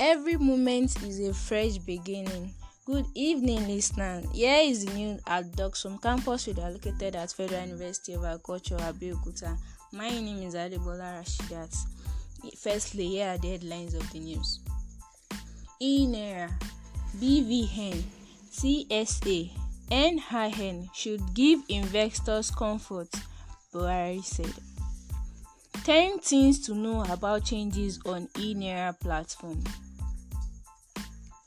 Every moment is a fresh beginning. Good evening, listeners. Here is the news at Doxum campus, which is located at Federal University of Agriculture, Abeokuta. My name is Adebola Rashidat. Firstly, here are the headlines of the news. INERA, BVN, CSA, NHN should give investors comfort, Buhari said. 10 things to know about changes on INERA platform.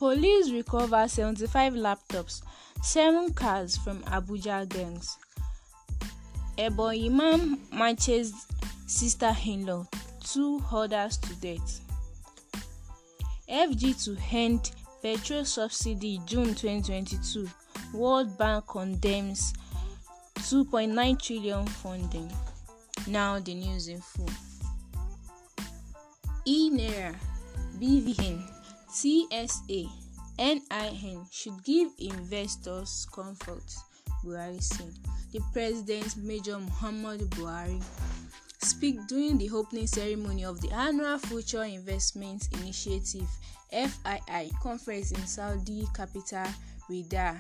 Police recover 75 laptops, 7 cars from Abuja gangs. Ebonyi Imam, matches sister-in-law, two others to death. FG to end petrol subsidy June 2022. World Bank condemns 2.9 trillion funding. Now the news in full. E-Naira, BVN TSA NIN should give investors comfort, Buhari said. The president, Major Muhammad Buhari, speak during the opening ceremony of the annual Future Investment Initiative FII conference in Saudi capital Riyadh.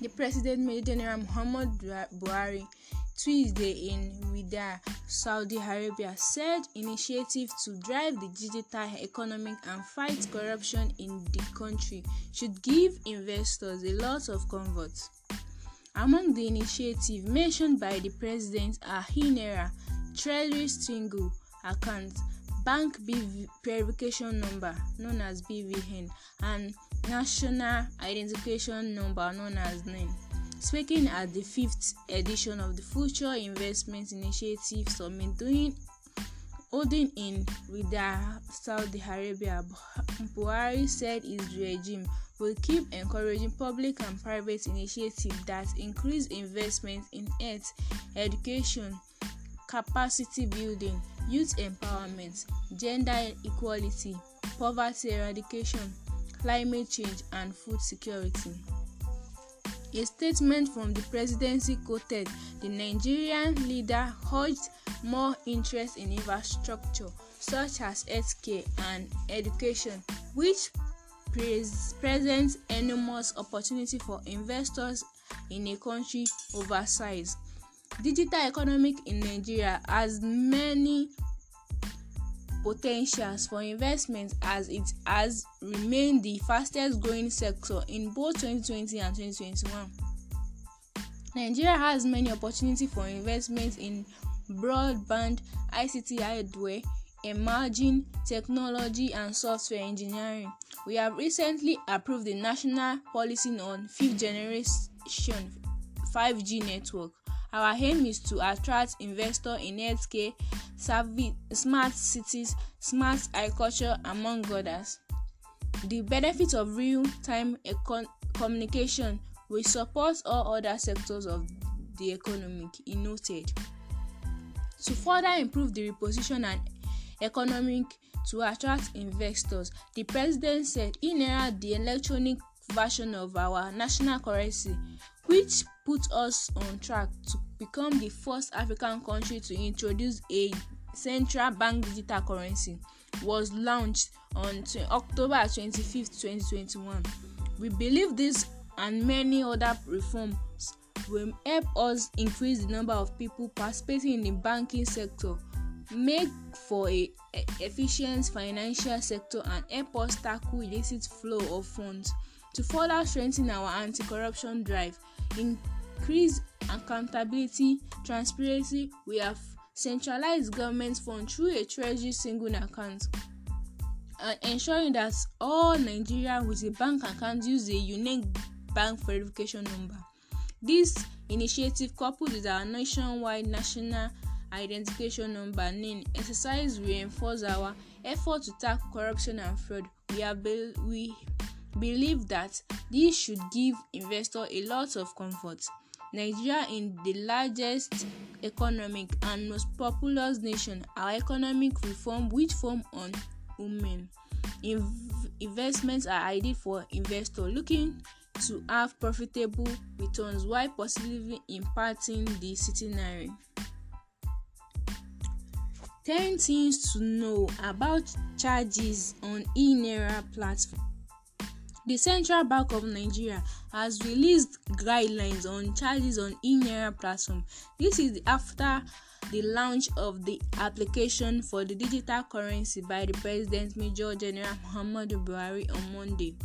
The President Major General Muhammad Buhari Tuesday in Riyadh, Saudi Arabia, said initiative to drive the digital economy and fight corruption in the country should give investors a lot of comfort. Among the initiatives mentioned by the president are Hinera, Treasury Single Account, Bank BV Verification Number, known as BVN, and National Identification Number, known as NIN speaking at the fifth edition of the Future Investment Initiative Summit doing holding in Riyadh, Saudi Arabia, Buhari said his regime will keep encouraging public and private initiatives that increase investment in health, education, capacity building, youth empowerment, gender equality, poverty eradication, climate change, and food security. A statement from the presidency quoted the Nigerian leader urged more interest in infrastructure such as healthcare and education, which pres presents enormous opportunity for investors in a country oversized. Digital economic in Nigeria has many potentials for investment as it has remained the fastest growing sector in both 2020 and 2021. Nigeria has many opportunities for investment in broadband, ICT hardware, emerging technology and software engineering. We have recently approved the national policy on fifth generation 5G network. Our aim is to attract investors in healthcare, smart cities, smart agriculture, among others. The benefits of real time econ- communication will support all other sectors of the economy, he noted. To further improve the reposition and economic to attract investors, the president said he narrowed the electronic version of our national currency, which put us on track to become the first African country to introduce a central bank digital currency was launched on October 25, 2021. We believe this and many other reforms will help us increase the number of people participating in the banking sector, make for a e-, efficient financial sector and help us tackle illicit flow of funds to further strengthen our anti-corruption drive in increase accountability, transparency. We have centralized government funds through a treasury single account and uh, ensuring that all Nigerians with a bank account use a unique bank verification number. This initiative, coupled with our nationwide national identification number NIN exercise, reinforce our effort to tackle corruption and fraud. We have be- we believe that this should give investors a lot of comfort. Nigeria in the largest economic and most populous nation. Our economic reform, which form on women. Inv- investments are ideal for investors looking to have profitable returns while positively impacting the citizenry. Ten things to know about charges on e-naira platform The Central Bank of Nigeria has released guidelines on charges on Inera platform. This is after the launch of the application for the digital currency by the President Major General Muhammadu Buhari on Monday.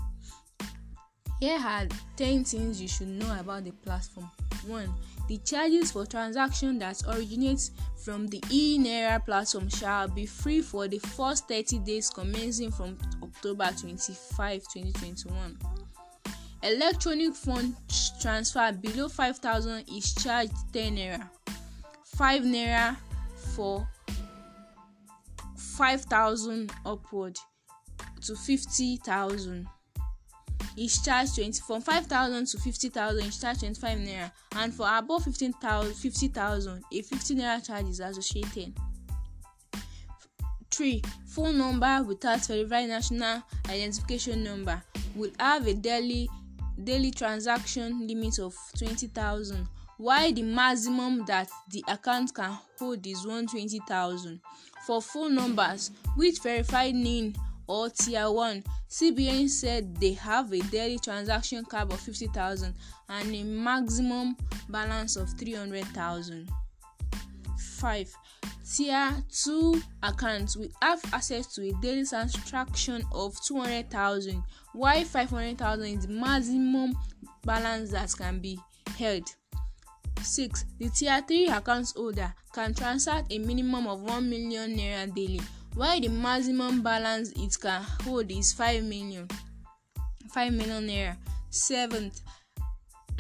Here are 10 things you should know about the platform. 1 the charges for transaction that originates from the e-naira platform shall be free for the first 30 days commencing from October 25, 2021. Electronic fund transfer below 5000 is charged 10 naira. 5 naira for 5000 upward to 50000 is charged 20, from 5,000 to 50,000 is charged 25 naira and for above 15,000 50,000 a 50 naira charge is associated. 3. Phone number without verified national identification number will have a daily daily transaction limit of 20,000 while the maximum that the account can hold is 120,000. For phone numbers with verified name or tier one cbn said they have a daily transaction cap of fifty thousand and a maximum balance of three hundred thousand. Five, tier two accounts will have access to a daily transaction of two hundred 200000 while thousand is the maximum balance that can be held Six, The tier three account holder can transact a minimum of one million naira daily while the maximum balance it can hold is five million Five million naira seventh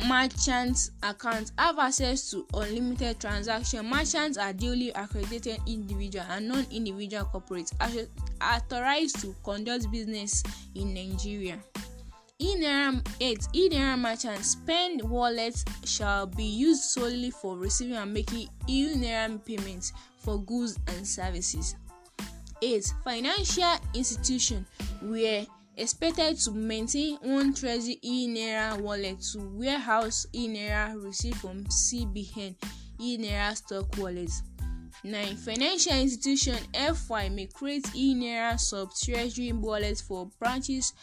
merchant accounts have access to unlimited transaction. merchants are duly accredited individual and non-individual corporates authorized to conduct business in nigeria In naira 8 e-naira merchants spend wallets shall be used solely for receiving and making in naira payments for goods and services 8. Financial institution were expected to maintain one Treasury e-Naira wallet to warehouse e-Naira received from CBN e-Naira stock wallet. 9. Financial institution FY may create e-Naira sub-treasury wallets for branches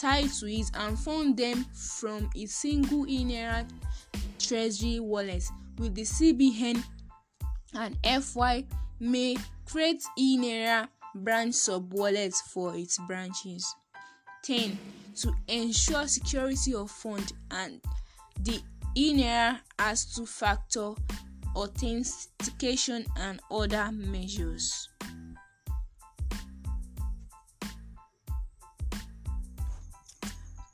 tied to it and fund them from a single e-Naira treasury wallet with the CBN and FY may Create Inera branch sub subwallets for its branches. Ten To ensure security of fund and the Inera as two factor authentication and other measures.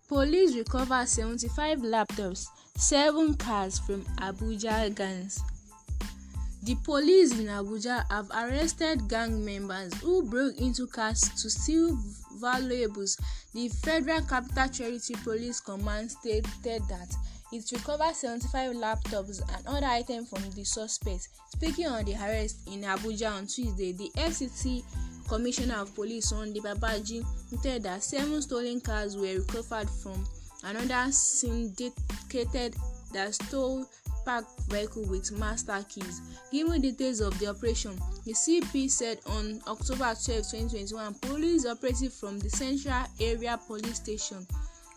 Police recover seventy-five laptops, seven cars from Abuja gangs. The police in Abuja have arrested gang members who broke into cars to steal valuables. The Federal Capital Charity Police Command stated that it recovered 75 laptops and other items from the suspects. Speaking on the arrest in Abuja on Tuesday, the FCT Commissioner of Police Sunday Babaji noted that seven stolen cars were recovered from another syndicated that stole parked vehicle with master keys. Given details of the operation, the CP said on October 12, 2021, police operative from the Central Area Police Station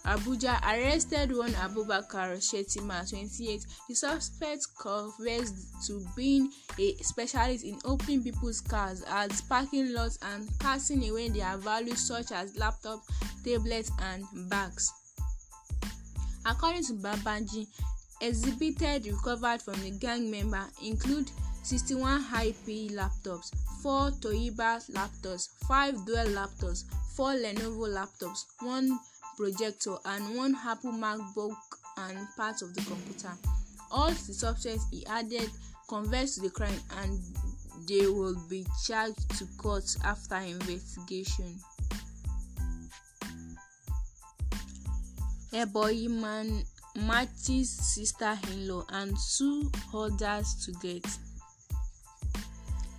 Abuja arrested one Abubakar Shetima, 28. The suspect confessed to being a specialist in opening people's cars as parking lots and passing away their values such as laptops, tablets, and bags. According to Babanji, exhibited recovered from the gang member include 61 high-pay laptops, 4 Toshiba laptops, 5 Dell laptops, 4 Lenovo laptops, 1 projector and 1 Apple MacBook and part of the computer. All the substance he added confessed to the crime and they will be charged to court after investigation. Eboyman Martin's sister-in-law and two others to death.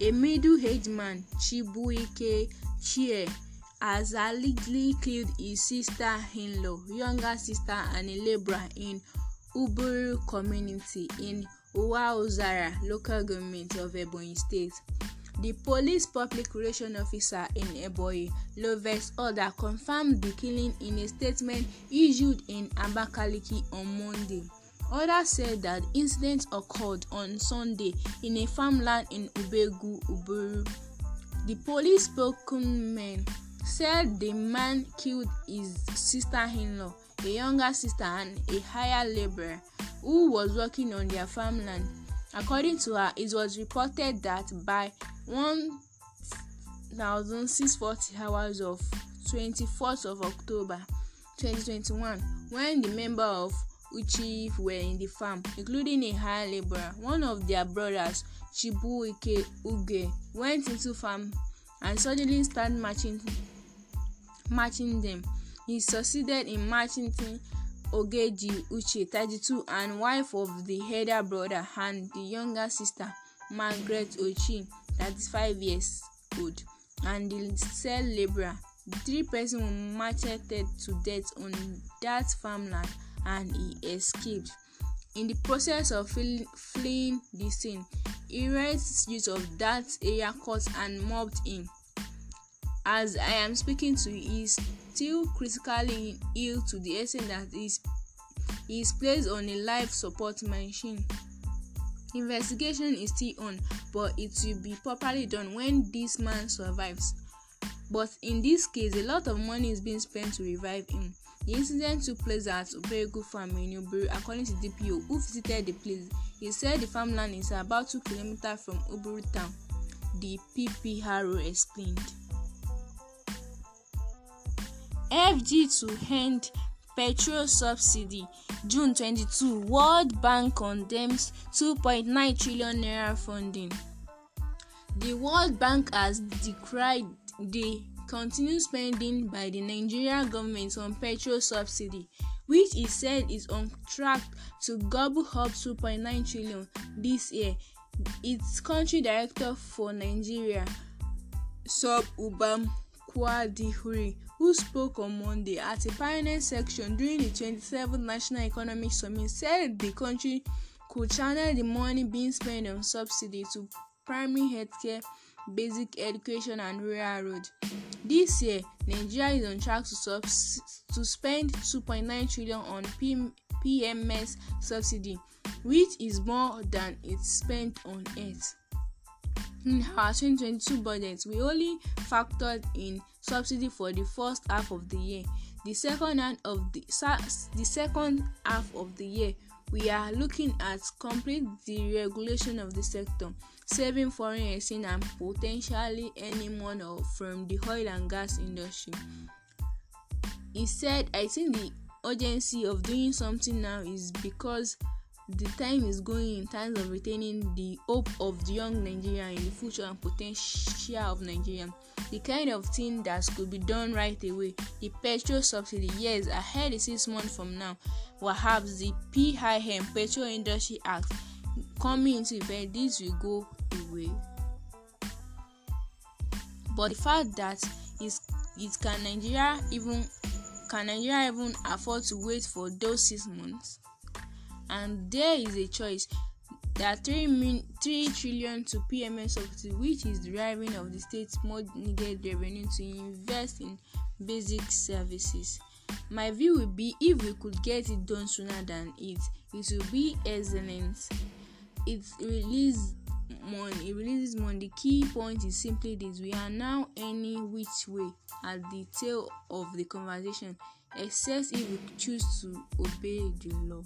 A middle-aged man, Chibuike Chie, has allegedly killed his sister-in-law, younger sister, and a laborer in Uburu community in Uwauzara local government of Ebonyi State. The police public relations officer in Ebonyi, Lovex Order, confirmed the killing in a statement issued in Abakaliki on Monday. Order said that the incident occurred on Sunday in a farmland in Ubegu, Uburu. The police spokesman said the man killed his sister-in-law, a younger sister, and a hired labourer, who was working on their farmland. According to her, it was reported that by 1640 hours of 24th of October 2021 when the members of Uchif were in the farm, including a hired laborer. One of their brothers, Chibuike Uge, went into farm and suddenly started marching, marching them. He succeeded in marching Ogeji Uche, 32, and wife of the elder brother and the younger sister, Margaret Ochi that is five years old and the cell labourer three person were macheted to death on that farmland and he escaped in the process of flee fleeing the scene errant use of that area caught and mobbed him as i am speaking to you he is still critically ill to the extent that is he is placed on a life support machine. Investigation is still on, but it will be properly done when this man survives. But in this case, a lot of money is being spent to revive him. The incident took place at Oberegu Farm in Uburu, according to DPO, who visited the place. He said the farmland is about two km from Uburu town, the PPRO explained. FG to end petrol subsidy june 22 world bank condemns 2.9 trillion naira funding the world bank has decried the continued spending by the nigerian government on petrol subsidy which e said is on track to gobble up 2.9 trillion this year its country director for nigeria sub ubam Kouamouo, who spoke on Monday at a panelist section during the 27th National Economic Summit, said the country could channel the money being spent on subsidy to primary healthcare, basic education, and rural roads. This year, Nigeria is on track to, subs- to spend 2.9 trillion on P- PMS subsidy, which is more than it spent on it. In our 2022 budget, we only factored in subsidy for the first half of the year. The second half of the, the second half of the year, we are looking at complete deregulation of the sector, saving foreign exchange and potentially any money from the oil and gas industry. He said, "I think the urgency of doing something now is because." the time is going in terms of retaining the hope of the young Nigeria in the future and potential of Nigeria. The kind of thing that could be done right away. The petrol subsidy, yes, ahead six months from now. Perhaps the PIM Petrol Industry Act coming into effect, this will go away. But the fact that is it can Nigeria even can Nigeria even afford to wait for those six months? and there is a choice. There are 3, min- 3 trillion to PMS subsidy, which is deriving of the state's more needed revenue to invest in basic services. My view would be if we could get it done sooner than it, it will be excellent. It release money, it releases money. The key point is simply this we are now any which way at the tail of the conversation, except if we choose to obey the law.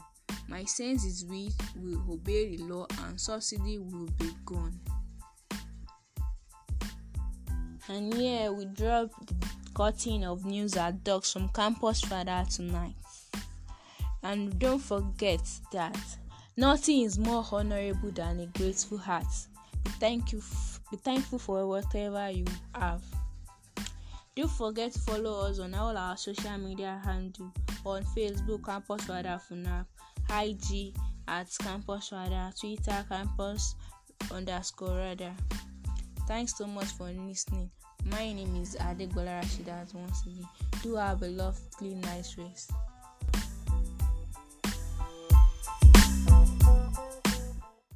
My sense is we will obey the law and subsidy will be gone. And here we drop the cutting of news at dogs from Campus Father tonight. And don't forget that nothing is more honorable than a grateful heart. Be thank you f- be thankful for whatever you have. Don't forget to follow us on all our social media handles on Facebook, Campus Father FUNAP, IG at Campus Radar, Twitter Campus underscore Radar. Thanks so much for listening. My name is Adegbola Rashidat once again. Do have a lovely, nice race.